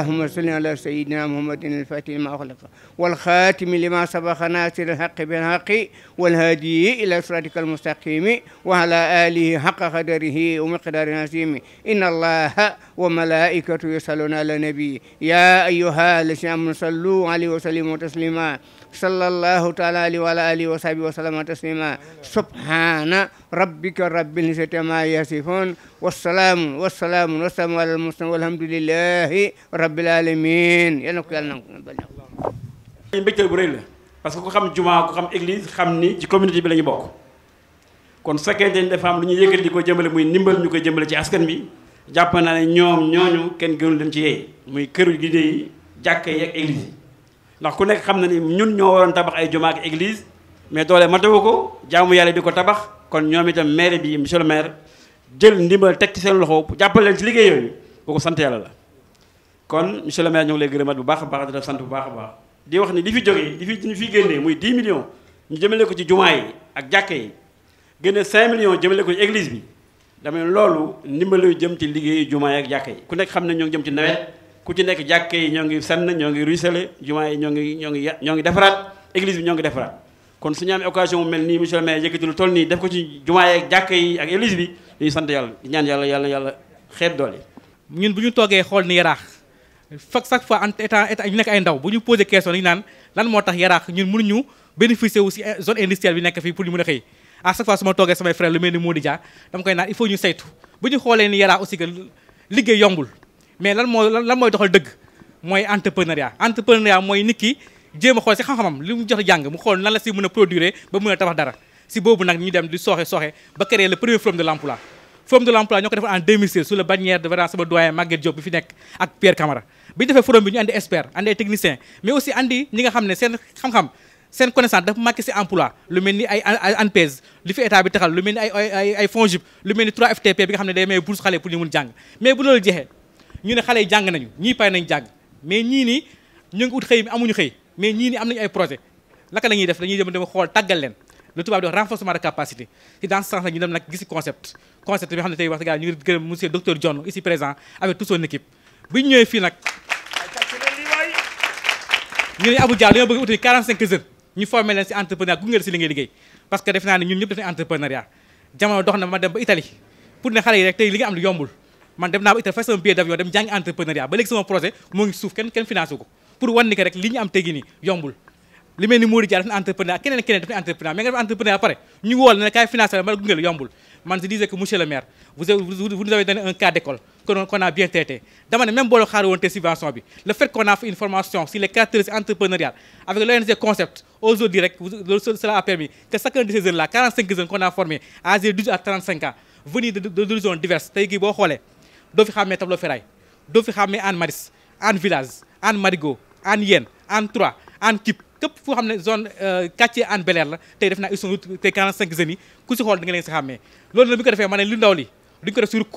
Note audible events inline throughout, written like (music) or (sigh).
اللهم صل على سيدنا محمد الفاتح لما أغلق والخاتم لما سبق ناصر الحق بالحق والهادي إلى صراطك المستقيم وعلى آله حق قدره ومقدار عظيم إن الله وملائكته يصلون على النبي يا أيها الذين آمنوا صلوا عليه وسلموا تسليما sallallahu taala alihi wa alihi wa sahbihi wa sallama taslima subhana rabbika rabbil izzati ma yasifun wassalamu wassalamu wassalamu ala al-mursalin walhamdulillahi rabbil alamin yal nak yalla nak nangu bal nangu bu rëy la parce que ko xam juma ko xam église xam ni ci community bi lañu bok kon su fekkente ni dafa am lu ñu yëkël di ko muy nimbal ñu koy ci askan bi japp na ne ñoom ñoñu kenn gënu leen ci yeey muy këru gidé yi jakkay ak église ndax ku nekk xam na ni ñun ñoo waroon tabax ay jumaa ak église mais doole matawu ko jaamu yàlla di ko tabax kon ñoom itam maire bi monsieur le maire jël ndimbal teg ci seen loxo jàppale leen ci liggéey yooyu kooku sant yàlla la. kon monsieur le maire ñu ngi lay gërëmaat bu baax a baax di la sant bu baax a baax di wax ni li fi jógee li fi ñu fi génnee muy 10 millions ñu jëmale ko ci jumaa yi ak jàkka yi génne 5 millions jëmale ko ci église bi. dama loolu ndimbalu jëm ci liggéeyu jumaa yi ak jàkka yi ku nekk xam ne ñoo ngi jëm ci nawet. ku ci nek jakkay yi ñoo ngi senn ñoo ngi ruisselé juma yi ñoo ngi ñoo ngi ya, ñoo ngi defaraat église bi ñoo ngi defaraat kon suñu am occasion mu mel monsieur maire yëkkati lu toll nii def ko ci juma yi jakkay yi ak église bi ñu sant yalla di ñaan yalla yalla yalla xeet doole ñun buñu toggé xol ni yarax fak chaque fois en état état ñu nek ay ndaw buñu poser question dañu naan lan motax yarax yaraax ñun mënuñu bénéficier wu ci eh, zone industrielle bi nek fi pour ñu mëna xey à chaque fois suma toggé sama frère le melni modi Dia dama koy naan il faut ñu saytu buñu xolé ni yarax aussi que liggéey yombul mais lan mooy lan mooy doxal dëgg mooy entrepreneuriat entrepreneuriat mooy nit ki jéem a xool si xam-xamam li mu jox jàng mu xool nan la si mën a produire ba mën a tabax dara si boobu nag ñu dem di sooxe sooxe ba créer le premier forum de l' emploi forum de l' emploi ñoo ko defoon en 2016 sous la bannière de vraiment sama doyen Maguette Diop bi fi nekk ak Pierre Camara bi ñu defee forum bi ñu andi expert andi ay technicien mais aussi andi ñi nga xam ne seen xam-xam lu mel ni ay ANPEJ lu mel ni ay ay ay xam ne day may bourse xale mais bu ñu ne xale yi jàng nañu ñii pare nañ jàng mais ñii nii ñu ngi ut xëy mi amuñu xëy mais ñii nii am nañu ay projet laka la ñuy def dañuy dem dem xool tàggal leen lu tubaab di wax renforcement capacité ci dans ce sens ñu dem nag gisi concept concept bi xam ne tey wax dëgg yàlla ñu ngi gërëm monsieur docteur Dione ici présent avec toute son bëgg uti 45 heures ñu formé leen si entrepreneuriat gunge si li ngay liggéey parce que def naa ne ñun ñëpp def nañ entrepreneuriat jamono dox na ma pour ne xale yi rek tey li nga am lu yombul man dem na ba itam fay sama billet d'avion dem jang entrepreneuriat ba léegi sama projet mo ngi souf ken ken financé ko pour wan ni que rek li ñu am tegi nii yombul li mel ni Mody Diallo def na entrepreneur keneen keneen dafa entrepreneur mais nga def entrepreneur pare ñu wol na kay kaay financé la ma yombul man je disais que monsieur le maire vous avez vous nous avez donné un cas d'école qu'on a bien traité dama ne même bo lo xaar won té subvention bi le fait qu'on a fait une formation sur les caractéristiques entrepreneuriales avec l'ONG Concept aujourd'hui rek cela a permis que chacun de ces jeunes là 45 jeunes qu'on a formés âgés de 12 à 35 ans venus de d'horizons divers tay gi bo xolé do fi xamé tableau ferraille do fi xamé an maris an Village an Marigot an yen an Trois an Kip kep fo xamné zone euh, quartier an bel la tay def naa ils sont tey 45 zeni ku ci xol da nga leen si xàmmee loolu ko defé mané li lu ndaw li duñ ko def si rukk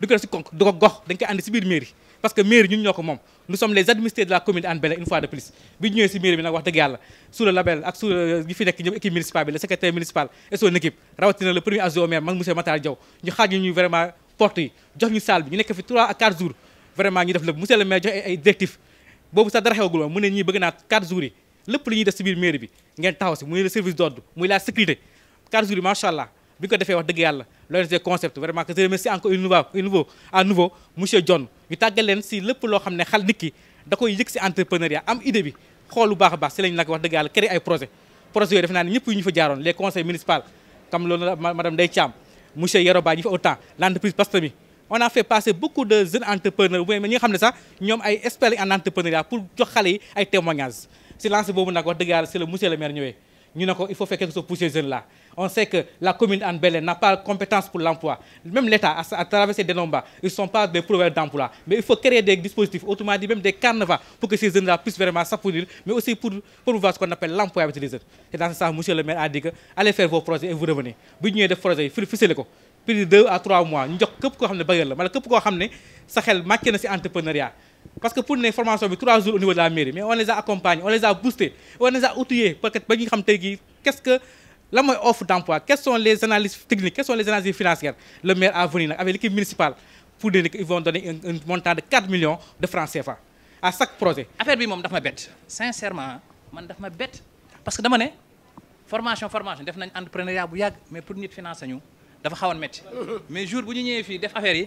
duñ ko def si konk du ko gox dañ koy andi ci bir mairie parce que mairie ñun ñoko mom nous sommes les administrés de la commune an beler une fois de plus bi ñu ñëwee mairie bi nak wax dëgg yalla sous le label ak sous ñi fi nek ñëpp équipe municipale bi le secrétaire municipal et son équipe rawatina le premier adjoint au maire mag monsieur Matar Diaw ñu xaj ñu ñuy vraiment porte yi salle bi ñu nekk fi 3 à 4 jours vraiment ñu def le monsieur le maire jox ay directif boobu sa dara xewagul mu ne ñi bëgg naa 4 jours yi lepp li ñi def ci biir mairie bi ngeen taxaw si muy le service d'ordre muy la sécurité 4 jours machallah bi ko défé wax dëgg yàlla loolu des concepts vraiment que je remercie encore une fois une nouveau à nouveau monsieur John ñu taggal len si lepp lo xamné xal nit ki da koy yex ci entrepreneuriat am idée bi xol lu baax baax ci lañ nak wax dëgg yalla créer ay projet projet yooyu defe naa ne ñu fa jaaroon les conseils municipaux, comme madame Ndeye Thiam monsieur Yero il au temps l'entreprise Pastami. on a fait passer beaucoup de jeunes entrepreneurs mais ñi nga xam ça, nous ñoom ay espéré en entrepreneuriat pour jox xale yi ay témoignages si l'ancien boobu nag wax dëgg yàlla c'est monsieur le maire il faut faire quelque chose pour ces jeunes-là. On sait que la commune Anne Belen n'a pas de compétences pour l'emploi. Même l'État, à, travers ces dénombres, ils ne sont pas des prouveurs d'emploi. Mais il faut créer des dispositifs, autrement dit, même des carnavals, pour que ces jeunes-là puissent vraiment s'appuyer, mais aussi pour, pour voir ce qu'on appelle l'emploi avec les jeunes. C'est dans ce sens, monsieur le maire a dit que allez faire vos projets et vous revenez. Si vous avez des projets, faut le Plus de deux à trois mois, nous avons que pour vous ait des bailleurs, mais que pour qu'on ait des entrepreneuriat parce que pour une formation bi trois jours au niveau de la mairie mais on les a accompagnés on les a boostés on les a outillés pour qu'ils puissent qu'est-ce que la offre d'emploi quelles sont les analyses techniques quelles sont les analyses financières le maire a venu avec l'équipe municipale pour dire qu'ils vont donner un, montant de 4 millions de francs CFA à chaque projet affaire bi je daf ma sincèrement je suis bête. parce que demain, formation formation def nañ entrepreneuriat mais pour nit financer ñu dafa xawoon métti mais jour bu ñu ñëwee affaire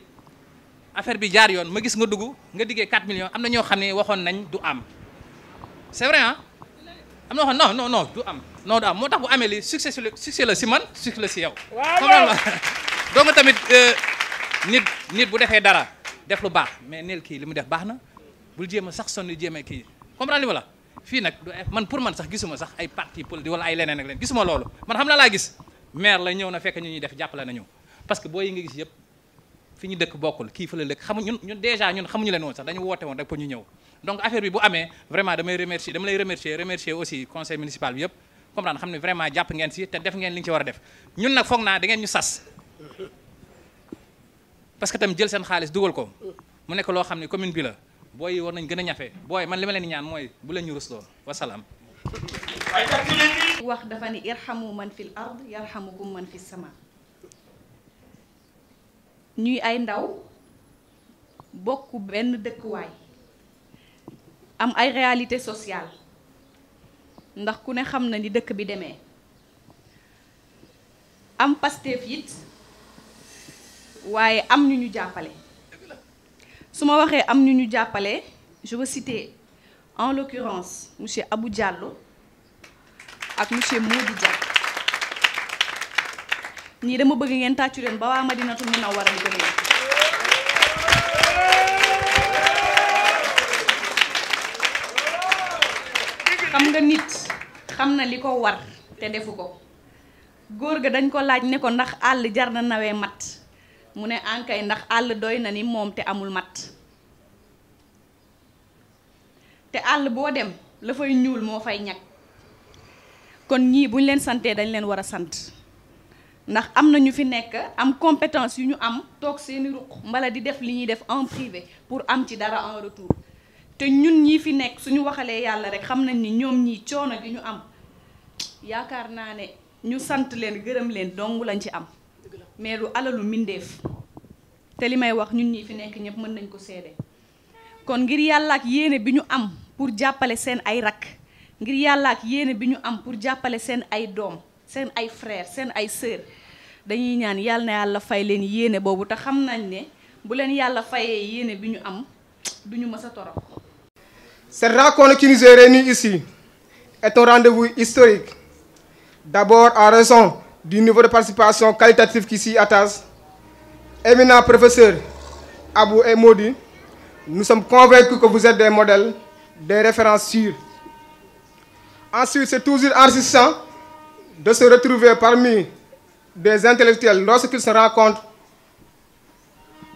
affaire bi jaar yoon ma gis nga dugg nga diggee 4 millions am na ñoo xam ne waxoon nañ du am c'est vrai ah am na waxoon non non du am non moo tax bu amee li succès succès la si man succès la si yow comprendre (laughs) donc tamit euh, nit nit bu defee dara def lu baax mais neel kii li mu def baax na bul jéem a sax sonni jéem a kii comprendre li ma la fii nag du man pour man sax gisuma sax ay parti politique wala ay leneen ak leneen gisuma loolu man xam na laa gis maire la ñëw na fekk ñu ñuy def jàppale nañu parce que boo yi nga gis yëpp fi ñu dëkk bokkul kii fa la dëkk xamu ñun ñun déjà ñun xamuñu leen woon sax dañu woote woon rek pour ñu ñëw donc affaire bi bu amee vraiment damay remercier dama remercier remercier aussi conseil municipal bi yëpp comprendre xam ne vraiment jàpp ngeen si te def ngeen li ñu ci war a def ñun nag foog naa da ñu sas parce que tam jël seen xaalis dugal ko mu nekk loo xam ne commune bi la booy yi war nañ gën a ñafe booy man li ma leen ñaan mooy bu leen ñu rus lool wasalaam wax dafa ni irhamu man fil ard yarhamukum man fis sama ñuy ay ndaw de benn Nous am ay réalité sociale ndax ne xam na bi am Pastef it waaye am ñu ñu jàppale am ñu ñu je veux citer en l'occurrence M. Abou Diallo et monsieur ñii dama bëgg ngeen tàccu leen ba waa Madinatul Munawwara jóge xam nga nit xam na li ko war te defu ko góor gi dañ ko laaj ne ko ndax àll jar na nawee mat mu ne ankay ndax àll doy na ni moom te amul mat te àll boo dem la fay ñuul moo fay ñag kon ñii bu ñu leen santee dañ leen war a sant ndax am na ñu fi nekk am compétence yu ñu am toog seeni ruq mbala di def li ñuy def en privé pour am ci dara en retour te ñun ñi fi nekk suñu waxalee yàlla rek xam nañ ni ñoom ñii coono gi ñu am yaakaar naa ne ñu sant leen gërëm leen dong lañ ci am mais lu alalu mbindeef te li may wax ñun ñi fi nekk ñëpp mën nañ ko seede kon ngir yàlla ak yéene bi ñu am pour jàppale seen ay rakk ngir yàlla yéene bi ñu am pour jàppale seen ay doom seen ay frère seen ay sœur dañuy ñaan yàlla na yàlla fay leen ne bu leen Cette rencontre qui nous est réunie ici est un rendez-vous historique. D'abord en raison du niveau de participation qualitative qui s'y attache. Éminent professeur Abou Emoudi, nous sommes convaincus que vous êtes des modèles, des références sûres. Ensuite, c'est toujours enrichissant de se retrouver parmi des intellectuels lorsqu'ils se rencontrent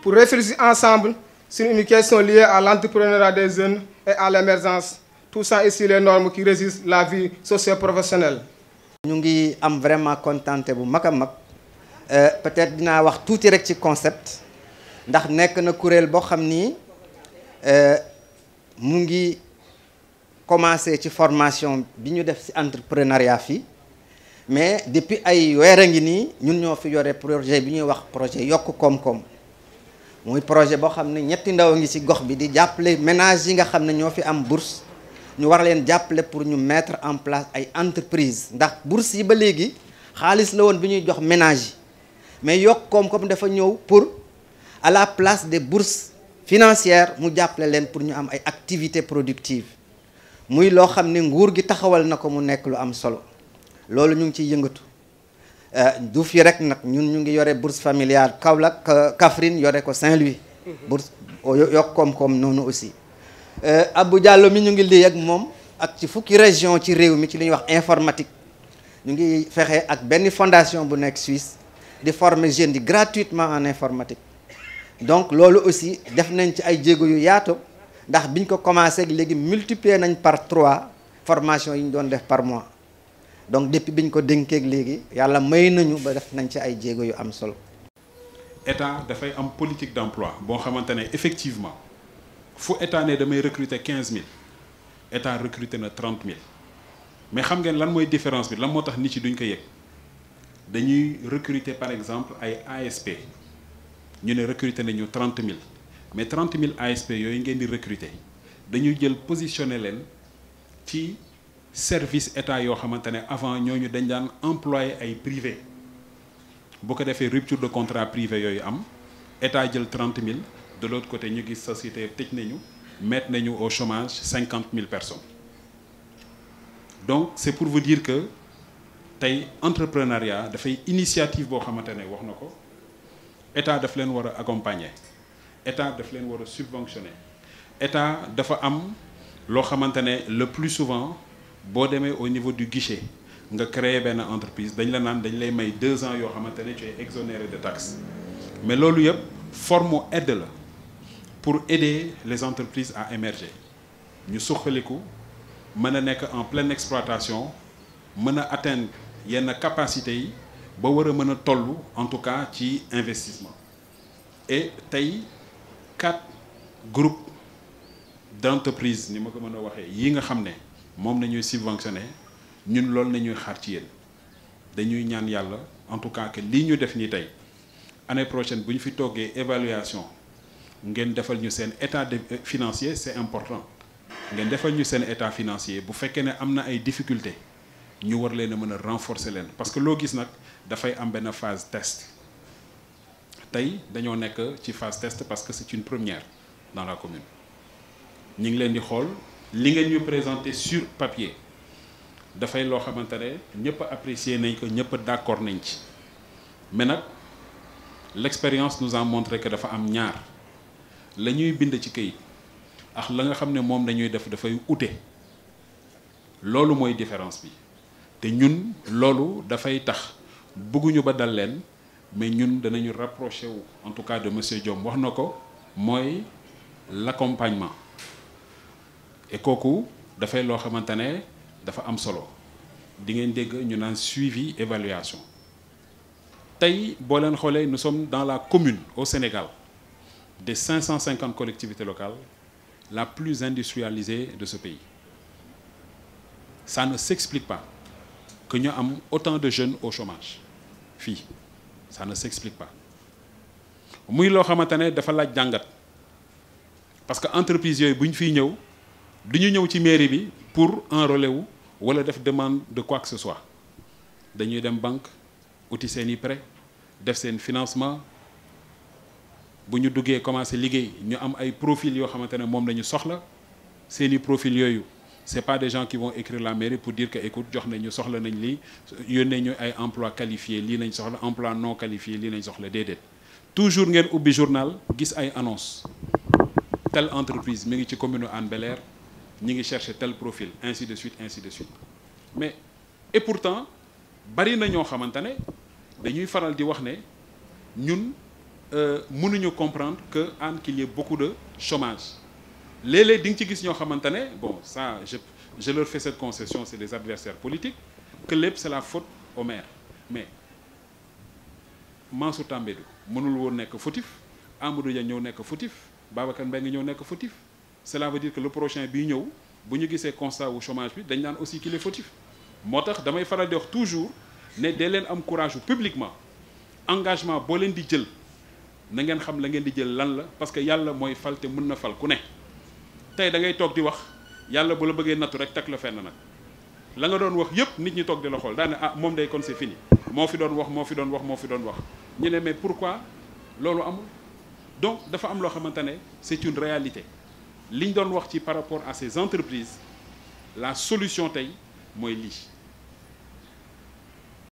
pour réfléchir ensemble sur une question liée à l'entrepreneuriat des jeunes et à l'émergence Tout ça ici les normes qui à la vie socio-professionnelle. Nous sommes vraiment contents bu nous euh, peut-être que wax avons rek ci concept ndax avons euh, commencé ci formation bi l'entrepreneuriat mais depuis ay nous ngi ñun ñoo fi projet bi wax projet projet ñetti ménage am bourse ñu war pour mettre en place ay entreprise ndax bourse yi ba légui la woon ménage mais KOM dafa pour à la place des bourses financières nous avons leen pour ñu am ay activités productives muy lo xamné nguur gi taxawal na am solo c'est ñu ngi nous euh, du fi rek bourse familiale Kaolack euh, ko Saint-Louis mhm. bourse nous aussi euh, Abou Diallo mi ñu ngi région informatique ñu ngi fondation Suisse former jeunes gratuitement en informatique donc ce aussi def nañ ci ay commencé multiplier par trois les yi par mois donc depuis que nous avons fait ce yalla nous avons fait. def nañ ci ay état politique d'emploi effectivement il état né 15 000, 15000 état recruter 30 000. mais xam ngeen lan moy différence bi lan motax nit ci duñ recruter par exemple ay ASP Nous recrutons 30 000. Mais mais 000 ASP yoy ngeen di recruter dañuy jël positionner service état yo xamante avant ñooñu dañ dan employé ay privé bu ko défé rupture de contrat privé l'État am état jël trente de l'autre côté ñu gis société tëj nañu mettre nañu au chômage 50 000 personnes donc c'est pour vous dire que l'entrepreneuriat, entrepreneuriat fay initiative bo xamante waxnako état accompagner état daf leen subventionner état dafa am lo le plus souvent boo au niveau du guichet nga créer ben entreprise dañ la naan dañ lay may deux ans yo xamante ne tu es exonéré de taxes mais lolu yëpp forme aide la pour aider les entreprises à émerger ñu suqaliku mëna nek en pleine exploitation mëna atteindre yenn capacité yi ba war mëna tollu en tout cas ci investissement et tay quatre groupes d'entreprises ni ma ko mën yi nga xamné mom lañuy subventionné ñun lool lañuy xaar ci yeen dañuy ñaan yàlla en tout cas que li ñu def ni tey année prochaine bu ñu fi toggee évaluation ngeen defal ñu seen état de euh, financier c'est important ngeen defal ñu seen état financier bu fekkee ne am na ay difficultés ñu war leen a mën a renforcer leen parce que loo gis nag dafay am benn phase test tey dañoo nekk ci phase test parce que c'est une première dans la commune ñu ngi leen di xool li ngeen ñu présenté sur papier da fay lo ne ñepp apprécier nañ ko d'accord nañ mais l'expérience nous a montré que dafa am ñaar lañuy bind ci ak la nga xamne mom dañuy def différence bi té ñun da fay tax ba dal leen mais ñun rapproché wu en tout cas de monsieur Diom waxnako l'accompagnement et kooku il a fait ce dafa am solo di ngeen suivi évaluation nous sommes dans la commune au Sénégal des 550 collectivités locales la plus industrialisée de ce pays ça ne s'explique pas que nous avons autant de jeunes au chômage ça ne s'explique pas muy fait, xamante ne dafa parce que l'entreprise. est bu du ñu ñëw ci mairie bi pour enrôler wu wala def demande de quoi que ce soit dañuy dem banque outil seen i prêt def seen financement bu ñu duggee commencé liggéey ñu am ay profil yoo xamante ne moom la ñu soxla seen i profil yooyu c'est pas des gens qui vont écrire la mairie pour dire que écoute jox nañu soxla nañ lii yónnee ñu ay emploi qualifié lii nañ soxla emploi non qualifié lii nañ soxla déedéet toujours ngeen ubbi journal gis ay annonce telle entreprise mi ngi ci commune Hann Bel-Air ni ngi tel profil ainsi de suite ainsi de suite mais et pourtant bari na ñoo ne dañuy faral di ne ñun euh, comprendre que qu'il y a beaucoup de chômage Ceux qui bon ça je je leur fais cette concession c'est des adversaires politiques que c'est la faute au maire mais Mansour Tambédou mënul futif, nekk fautif Amadou Dia ñëw nekk fautif Babacar Mbengue pas fautif cela veut dire que le prochain bii ñëw bu ñu gisee constat wu chômage bi dañ aussi qu'il est fautif moo tax damay faral wax toujours ne dee leen am courage publiquement engagement boo leen di jël na ngeen xam la ngeen di jël lan la parce que yàlla mooy fal te mën na fal ku ne tay da ngay tok di wax yalla bu la bëggé nattu rek tak la fenn nak la nga doon wax yépp nit ñi tok di la xol dañ ah mom day kon c'est fini mo fi doon wax mo fi doon wax mo fi doon wax ñu né mais pourquoi lolu amul donc dafa am lo xamante c'est une réalité liñ par rapport à ces entreprises la solution est mooy